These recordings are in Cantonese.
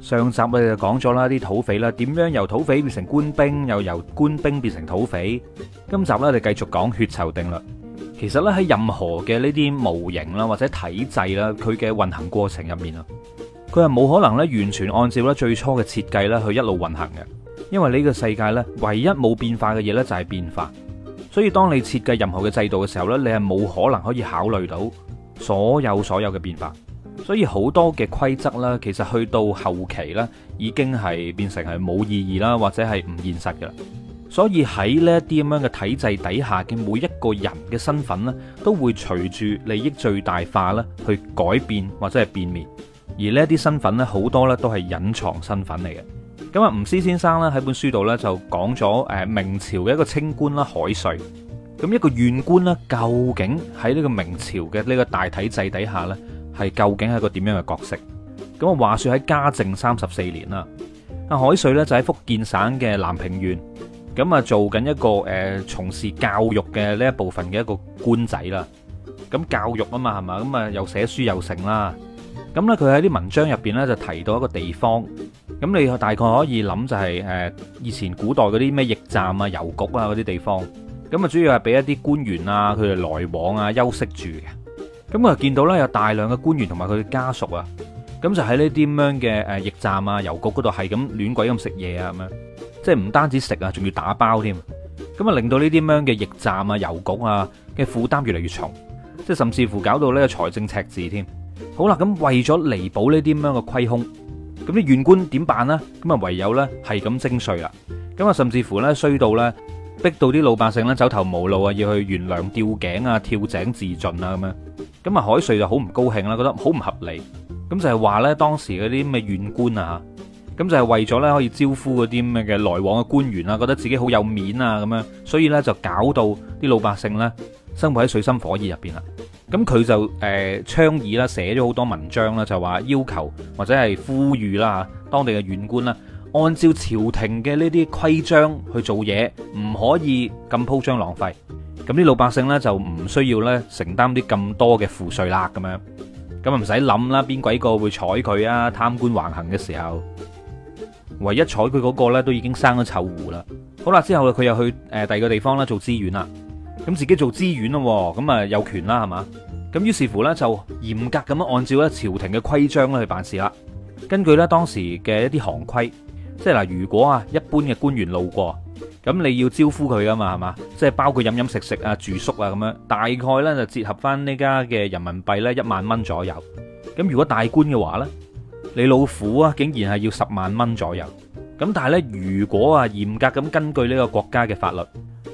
上集我哋就講咗啦，啲土匪啦，點樣由土匪變成官兵，又由官兵變成土匪。今集咧我哋繼續講血酬定律。其實咧喺任何嘅呢啲模型啦或者體制啦，佢嘅運行過程入面啊，佢係冇可能咧完全按照咧最初嘅設計咧去一路運行嘅，因為呢個世界咧唯一冇變化嘅嘢咧，就係變化。所以當你設計任何嘅制度嘅時候咧，你係冇可能可以考慮到所有所有嘅變化。所以好多嘅規則啦，其實去到後期啦，已經係變成係冇意義啦，或者係唔現實嘅啦。所以喺呢一啲咁樣嘅體制底下嘅每一個人嘅身份呢，都會隨住利益最大化咧去改變或者係變面。而呢啲身份呢，好多呢都係隱藏身份嚟嘅。咁啊，吳思先生咧喺本書度呢，就講咗誒明朝嘅一個清官啦，海瑞咁一個縣官啦，究竟喺呢個明朝嘅呢個大體制底下呢，係究竟係一個點樣嘅角色？咁啊，話說喺嘉靖三十四年啦，啊，海瑞咧就喺福建省嘅南平縣，咁啊做緊一個誒從事教育嘅呢一部分嘅一個官仔啦。咁教育啊嘛係咪，咁啊又寫書又成啦。咁咧佢喺啲文章入邊咧就提到一個地方，咁你大概可以諗就係誒以前古代嗰啲咩驛站啊、郵局啊嗰啲地方，咁啊主要係俾一啲官員啊佢哋來往啊休息住嘅。咁啊！見到咧有大量嘅官員同埋佢嘅家屬啊，咁就喺呢啲咁樣嘅誒，驛站啊、郵局嗰度係咁亂鬼咁食嘢啊，咁樣即係唔單止食啊，仲要打包添。咁啊，令到呢啲咁樣嘅驛站啊、郵局啊嘅負擔越嚟越重，即係甚至乎搞到呢個財政赤字添。好啦，咁為咗彌補呢啲咁樣嘅虧空，咁啲縣官點辦呢？咁啊，唯有呢，係咁徵稅啦。咁啊，甚至乎呢，衰到呢，逼到啲老百姓呢走投無路啊，要去懸梁吊頸啊、跳井自盡啊咁樣。咁啊，海瑞就好唔高興啦，覺得好唔合理。咁就係話咧，當時嗰啲咩縣官啊，咁就係為咗咧可以招呼嗰啲咩嘅來往嘅官員啦，覺得自己好有面啊，咁樣，所以呢，就搞到啲老百姓咧生活喺水深火熱入邊啦。咁佢就誒倡、呃、議啦，寫咗好多文章啦，就話要求或者係呼籲啦，當地嘅縣官啦、啊，按照朝廷嘅呢啲規章去做嘢，唔可以咁鋪張浪費。咁啲老百姓咧就唔需要咧承擔啲咁多嘅賦稅啦，咁樣咁又唔使諗啦，邊鬼個會睬佢啊？貪官橫行嘅時候，唯一睬佢嗰個咧都已經生咗臭狐啦。好啦，之後佢又去誒、呃、第二個地方啦做知源啦，咁自己做知縣啊，咁啊有權啦係嘛？咁於是乎咧就嚴格咁樣按照咧朝廷嘅規章咧去辦事啦。根據咧當時嘅一啲行規，即係嗱，如果啊一般嘅官員路過。咁你要招呼佢噶嘛，係嘛？即係包括飲飲食食啊、住宿啊咁樣，大概呢就折合翻呢家嘅人民幣呢，一萬蚊左右。咁如果大官嘅話呢，你老虎啊，竟然係要十萬蚊左右。咁但係呢，如果啊嚴格咁根據呢個國家嘅法律，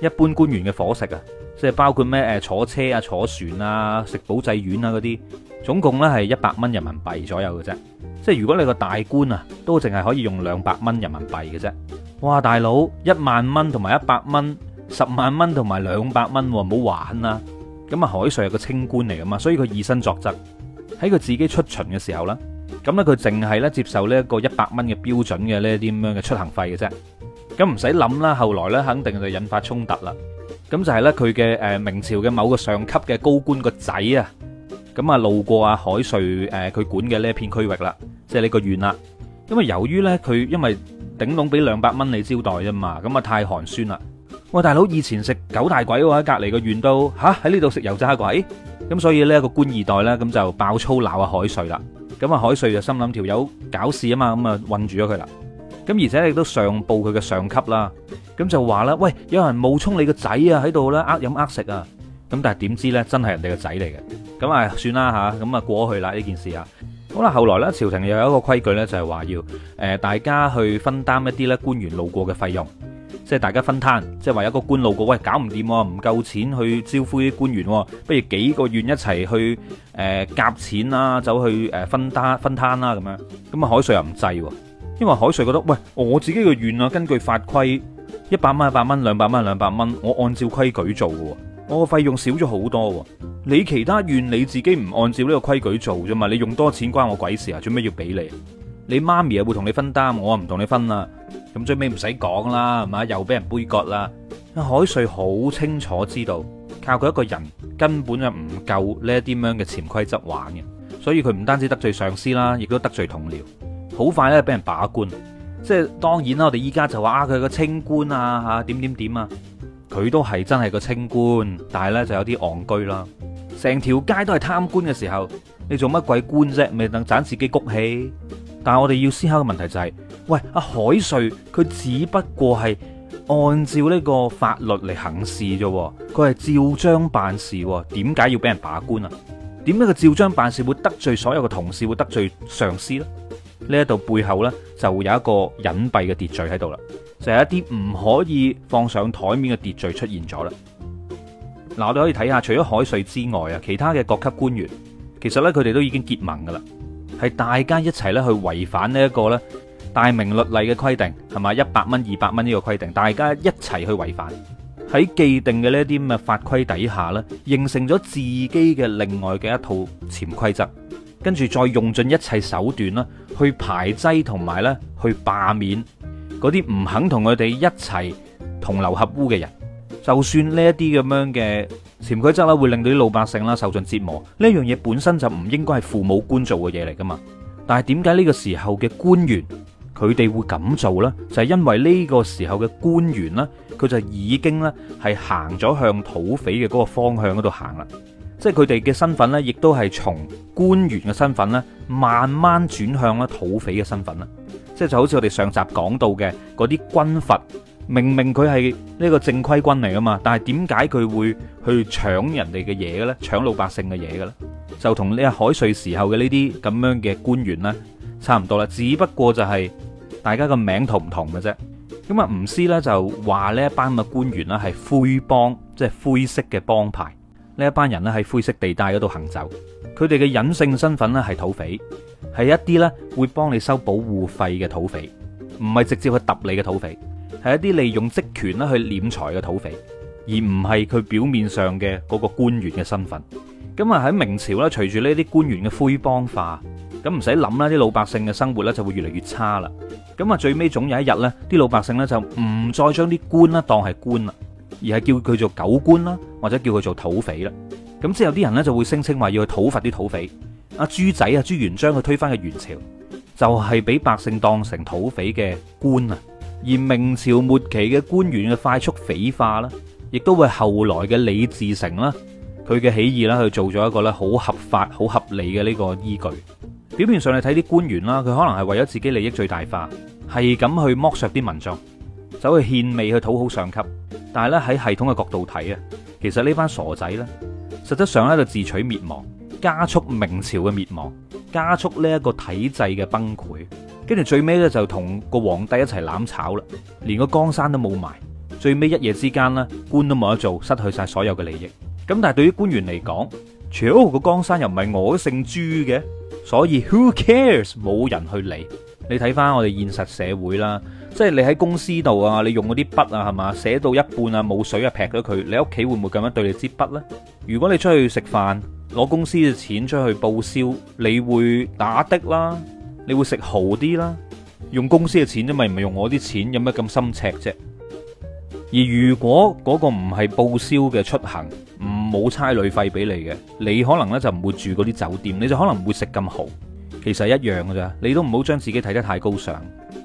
一般官員嘅伙食啊，即係包括咩誒坐車啊、坐船啊、食保濟丸啊嗰啲。總共咧係一百蚊人民幣左右嘅啫，即係如果你個大官啊，都淨係可以用兩百蚊人民幣嘅啫。哇，大佬一萬蚊同埋一百蚊，十萬蚊同埋兩百蚊，唔好玩啦！咁啊，海瑞係個清官嚟噶嘛，所以佢以身作則，喺佢自己出巡嘅時候呢，咁咧佢淨係咧接受呢一個一百蚊嘅標準嘅呢啲咁樣嘅出行費嘅啫。咁唔使諗啦，後來咧肯定就引發衝突啦。咁就係咧佢嘅誒明朝嘅某個上級嘅高官個仔啊。咁啊，路過啊，海瑞誒，佢管嘅呢一片區域啦，即係呢個縣啦。咁啊由於咧，佢因為頂籠俾兩百蚊你招待啫嘛，咁啊太寒酸啦。哇，大佬以前食九大簋喎，喺隔離個縣都嚇喺呢度食油炸鬼，咁所以咧個官二代咧咁就爆粗鬧啊海瑞啦。咁啊海瑞就心諗條友搞事啊嘛，咁啊困住咗佢啦。咁而且亦都上報佢嘅上級啦，咁就話咧：喂，有人冒充你個仔啊喺度咧，呃飲呃食啊。咁但係點知咧，真係人哋個仔嚟嘅。咁啊，算啦吓，咁啊過去啦呢件事啊。好啦，後來呢，朝廷又有一個規矩呢，就係、是、話要誒、呃、大家去分擔一啲呢官員路過嘅費用，即係大家分攤，即係話一個官路過，喂，搞唔掂，唔夠錢去招呼啲官員，不如幾個縣一齊去誒夾、呃、錢啦，走去誒分擔分攤啦，咁樣。咁啊，海瑞又唔制，因為海瑞覺得，喂，我自己個縣啊，根據法規，一百蚊一百蚊，兩百蚊兩百蚊，我按照規矩做嘅。我費用少咗好多喎，你其他怨你自己唔按照呢個規矩做啫嘛，你用多錢關我鬼事啊？做咩要俾你？你媽咪又會同你分擔，我唔同你分啦。咁最尾唔使講啦，係咪又俾人杯葛啦。海瑞好清楚知道，靠佢一個人根本就唔夠呢啲咁樣嘅潛規則玩嘅，所以佢唔單止得罪上司啦，亦都得罪同僚，好快呢，俾人罷官。即係當然啦，我哋依家就話啊，佢個清官啊吓點點點啊！怎樣怎樣怎樣啊。佢都係真係個清官，但係呢就有啲戇居啦。成條街都係貪官嘅時候，你做乜鬼官啫？未能盞自己谷氣。但係我哋要思考嘅問題就係，喂，阿海瑞，佢只不過係按照呢個法律嚟行事啫，佢係照章辦事，點解要俾人罷官啊？點解佢照章辦事會得罪所有嘅同事，會得罪上司呢？呢一度背後呢，就有一個隱蔽嘅秩序喺度啦。就係一啲唔可以放上台面嘅秩序出現咗啦。嗱，我哋可以睇下，除咗海瑞之外啊，其他嘅各級官員，其實呢，佢哋都已經結盟噶啦，係大家一齊咧去違反呢一個呢大明律例嘅規定，係嘛，一百蚊，二百蚊呢個規定，大家一齊去違反，喺既定嘅呢啲咁嘅法規底下呢，形成咗自己嘅另外嘅一套潛規則，跟住再用盡一切手段啦，去排擠同埋呢去罷免。嗰啲唔肯同佢哋一齊同流合污嘅人，就算呢一啲咁樣嘅潛規則啦，會令到啲老百姓啦受盡折磨。呢一樣嘢本身就唔應該係父母官做嘅嘢嚟噶嘛。但係點解呢個時候嘅官員佢哋會咁做呢？就係因為呢個時候嘅官員呢，佢就已經咧係行咗向土匪嘅嗰個方向嗰度行啦。即係佢哋嘅身份呢，亦都係從官員嘅身份呢，慢慢轉向啦土匪嘅身份啦。即係就好似我哋上集講到嘅嗰啲軍閥，明明佢係呢個正規軍嚟㗎嘛，但係點解佢會去搶人哋嘅嘢嘅咧？搶老百姓嘅嘢嘅咧？就同呢個海瑞時候嘅呢啲咁樣嘅官員咧，差唔多啦，只不過就係大家個名同唔同嘅啫。咁啊，吳思咧就話呢一班嘅官員咧係灰幫，即係灰色嘅幫派。呢一班人咧喺灰色地帶嗰度行走，佢哋嘅隱性身份咧係土匪，係一啲咧會幫你收保護費嘅土匪，唔係直接去揼你嘅土匪，係一啲利用職權咧去斂財嘅土匪，而唔係佢表面上嘅嗰個官員嘅身份。咁啊喺明朝咧，隨住呢啲官員嘅灰幫化，咁唔使諗啦，啲老百姓嘅生活咧就會越嚟越差啦。咁啊最尾總有一日咧，啲老百姓咧就唔再將啲官咧當係官啦。而係叫佢做狗官啦，或者叫佢做土匪啦。咁之後啲人呢，就會聲稱話要去討伐啲土匪。阿、啊、朱仔啊、朱元璋佢推翻嘅元朝，就係、是、俾百姓當成土匪嘅官啊。而明朝末期嘅官員嘅快速匪化啦，亦都會後來嘅李自成啦，佢嘅起義啦去做咗一個咧好合法、好合理嘅呢個依據。表面上你睇啲官員啦，佢可能係為咗自己利益最大化，係咁去剝削啲民眾。走去獻媚去討好上級，但係咧，喺系統嘅角度睇啊，其實呢班傻仔呢，實質上喺度自取滅亡，加速明朝嘅滅亡，加速呢一個體制嘅崩潰，跟住最尾呢，就同個皇帝一齊攬炒啦，連個江山都冇埋，最尾一夜之間呢，官都冇得做，失去晒所有嘅利益。咁但係對於官員嚟講，除咗個江山又唔係我姓朱嘅，所以 who cares，冇人去理。你睇翻我哋現實社會啦，即係你喺公司度啊，你用嗰啲筆啊，係嘛，寫到一半啊，冇水啊，劈咗佢。你屋企會唔會咁樣對你支筆呢？如果你出去食飯，攞公司嘅錢出去報銷，你會打的啦，你會食豪啲啦，用公司嘅錢，啫嘛唔係用我啲錢，有咩咁心赤啫？而如果嗰個唔係報銷嘅出行，唔冇差旅費俾你嘅，你可能呢，就唔會住嗰啲酒店，你就可能唔會食咁豪。其實一樣㗎咋，你都唔好將自己睇得太高尚。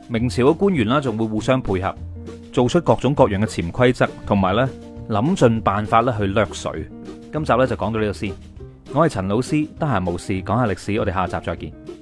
明朝嘅官員啦，仲會互相配合，做出各種各樣嘅潛規則，同埋呢，諗盡辦法咧去掠水。今集呢，就講到呢度先。我係陳老師，得閒無事講下歷史，我哋下集再見。